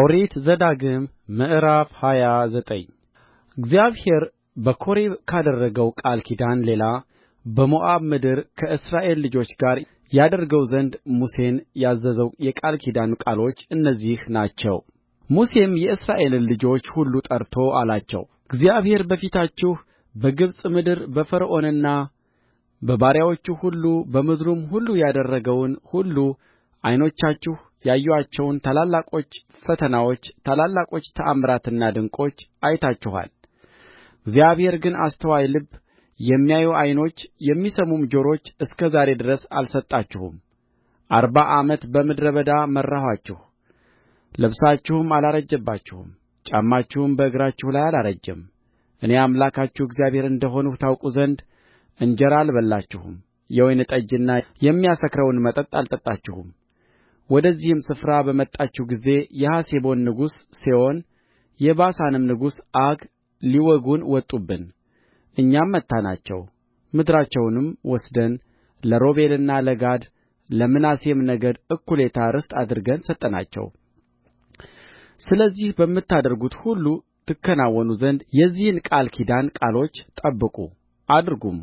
ኦሪት ዘዳግም ምዕራፍ ሃያ ዘጠኝ እግዚአብሔር በኮሬብ ካደረገው ቃል ኪዳን ሌላ በሞዓብ ምድር ከእስራኤል ልጆች ጋር ያደርገው ዘንድ ሙሴን ያዘዘው የቃል ኪዳን ቃሎች እነዚህ ናቸው። ሙሴም የእስራኤልን ልጆች ሁሉ ጠርቶ አላቸው፣ እግዚአብሔር በፊታችሁ በግብፅ ምድር በፈርዖንና በባሪያዎቹ ሁሉ በምድሩም ሁሉ ያደረገውን ሁሉ ዐይኖቻችሁ ያዩአቸውን ታላላቆች ፈተናዎች ታላላቆች ተአምራትና ድንቆች አይታችኋል እግዚአብሔር ግን አስተዋይ ልብ የሚያዩ ዓይኖች የሚሰሙም ጆሮች እስከ ዛሬ ድረስ አልሰጣችሁም አርባ ዓመት በምድረ በዳ መራኋችሁ ልብሳችሁም አላረጀባችሁም ጫማችሁም በእግራችሁ ላይ አላረጀም እኔ አምላካችሁ እግዚአብሔር እንደ ሆንሁ ታውቁ ዘንድ እንጀራ አልበላችሁም የወይን ጠጅና የሚያሰክረውን መጠጥ አልጠጣችሁም ወደዚህም ስፍራ በመጣችሁ ጊዜ የሐሴቦን ንጉሥ ሴዎን የባሳንም ንጉሥ ዐግ ሊወጉን ወጡብን እኛም መታናቸው ምድራቸውንም ወስደን ለሮቤልና ለጋድ ለምናሴም ነገድ እኩሌታ ርስት አድርገን ሰጠናቸው ስለዚህ በምታደርጉት ሁሉ ትከናወኑ ዘንድ የዚህን ቃል ኪዳን ቃሎች ጠብቁ አድርጉም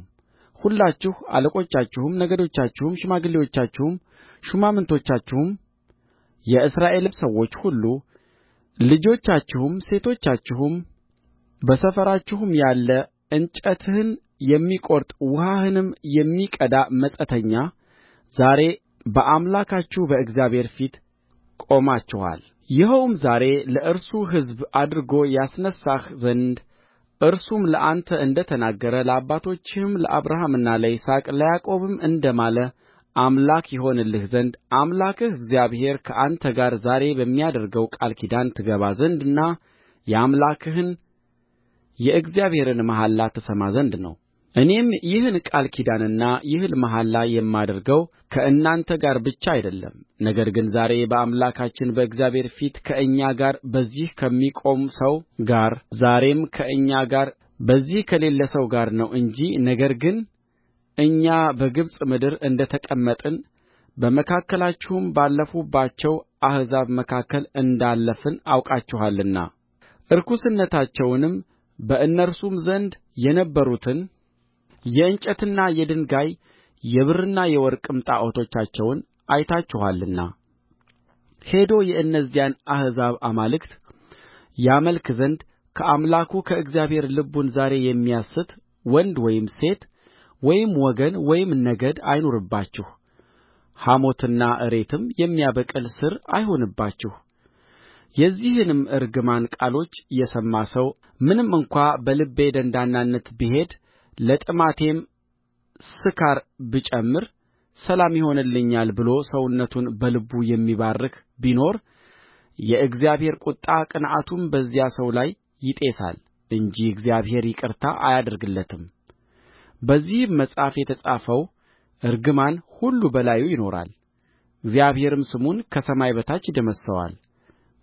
ሁላችሁ አለቆቻችሁም ነገዶቻችሁም ሽማግሌዎቻችሁም ሹማምቶቻችሁም የእስራኤልም ሰዎች ሁሉ ልጆቻችሁም ሴቶቻችሁም በሰፈራችሁም ያለ እንጨትህን የሚቈርጥ ውኃህንም የሚቀዳ መጻተኛ ዛሬ በአምላካችሁ በእግዚአብሔር ፊት ቆማችኋል። ይኸውም ዛሬ ለእርሱ ሕዝብ አድርጎ ያስነሣህ ዘንድ እርሱም ለአንተ እንደ ተናገረ ለአባቶችህም ለአብርሃምና ለይስሐቅ ለያዕቆብም እንደ ማለ አምላክ ይሆንልህ ዘንድ አምላክህ እግዚአብሔር ከአንተ ጋር ዛሬ በሚያደርገው ቃል ኪዳን ትገባ ዘንድና የአምላክህን የእግዚአብሔርን መሐላ ትሰማ ዘንድ ነው እኔም ይህን ቃል ኪዳንና ይህን መሐላ የማደርገው ከእናንተ ጋር ብቻ አይደለም ነገር ግን ዛሬ በአምላካችን በእግዚአብሔር ፊት ከእኛ ጋር በዚህ ከሚቆም ሰው ጋር ዛሬም ከእኛ ጋር በዚህ ከሌለ ሰው ጋር ነው እንጂ ነገር ግን እኛ በግብፅ ምድር እንደ ተቀመጥን በመካከላችሁም ባለፉባቸው አሕዛብ መካከል እንዳለፍን አውቃችኋልና ርኩስነታቸውንም በእነርሱም ዘንድ የነበሩትን የእንጨትና የድንጋይ የብርና የወርቅም ጣዖቶቻቸውን አይታችኋልና ሄዶ የእነዚያን አሕዛብ አማልክት ያመልክ ዘንድ ከአምላኩ ከእግዚአብሔር ልቡን ዛሬ የሚያስት ወንድ ወይም ሴት ወይም ወገን ወይም ነገድ አይኑርባችሁ። ሐሞትና እሬትም የሚያበቅል ሥር አይሁንባችሁ። የዚህንም እርግማን ቃሎች የሰማ ሰው ምንም እንኳ በልቤ ደንዳንነት ብሄድ ለጥማቴም ስካር ብጨምር ሰላም ይሆንልኛል ብሎ ሰውነቱን በልቡ የሚባርክ ቢኖር የእግዚአብሔር ቍጣ ቅንዓቱም በዚያ ሰው ላይ ይጤሳል እንጂ እግዚአብሔር ይቅርታ አያደርግለትም በዚህም መጽሐፍ የተጻፈው እርግማን ሁሉ በላዩ ይኖራል እግዚአብሔርም ስሙን ከሰማይ በታች ይደመስሰዋል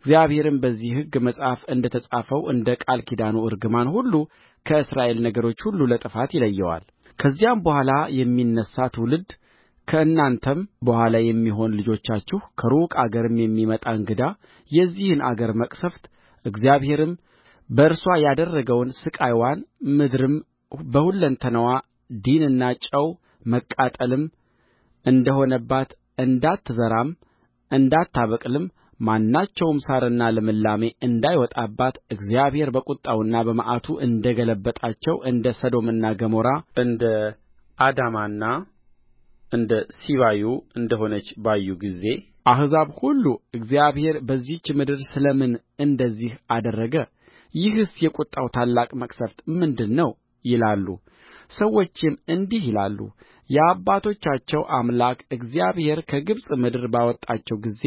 እግዚአብሔርም በዚህ ሕግ መጽሐፍ እንደ ተጻፈው እንደ ቃል ኪዳኑ እርግማን ሁሉ ከእስራኤል ነገዶች ሁሉ ለጥፋት ይለየዋል ከዚያም በኋላ የሚነሣ ትውልድ ከእናንተም በኋላ የሚሆን ልጆቻችሁ ከሩቅ አገርም የሚመጣ እንግዳ የዚህን አገር መቅሠፍት እግዚአብሔርም በእርሷ ያደረገውን ሥቃይዋን ምድርም በሁለንተናዋ ዲንና ጨው መቃጠልም እንደሆነባት እንዳትዘራም እንዳታበቅልም ማናቸውም ሣርና ልምላሜ እንዳይወጣባት እግዚአብሔር በቍጣውና በመዓቱ እንደ ገለበጣቸው እንደ ሰዶምና ገሞራ እንደ አዳማና እንደ ሲባዮ እንደ ሆነች ባዩ ጊዜ አሕዛብ ሁሉ እግዚአብሔር በዚህች ምድር ስለ ምን እንደዚህ አደረገ ይህስ የቍጣው ታላቅ መቅሠፍት ምንድር ነው ይላሉ ሰዎችም እንዲህ ይላሉ የአባቶቻቸው አምላክ እግዚአብሔር ከግብፅ ምድር ባወጣቸው ጊዜ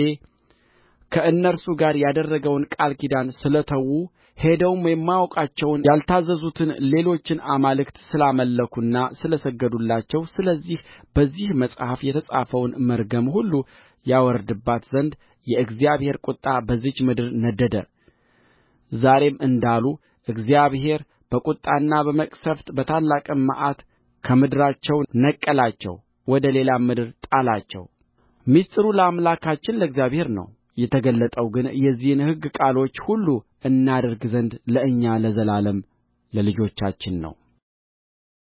ከእነርሱ ጋር ያደረገውን ቃል ኪዳን ስለ ተዉ ሄደውም የማያውቋቸውን ያልታዘዙትን ሌሎችን አማልክት ስላመለኩና ስለ ሰገዱላቸው ስለዚህ በዚህ መጽሐፍ የተጻፈውን መርገም ሁሉ ያወርድባት ዘንድ የእግዚአብሔር ቍጣ በዚህች ምድር ነደደ ዛሬም እንዳሉ እግዚአብሔር በቍጣና በመቅሠፍት በታላቅም መዓት ከምድራቸው ነቀላቸው ወደ ሌላም ምድር ጣላቸው ምሥጢሩ ለአምላካችን ለእግዚአብሔር ነው የተገለጠው ግን የዚህን ሕግ ቃሎች ሁሉ እናደርግ ዘንድ ለእኛ ለዘላለም ለልጆቻችን ነው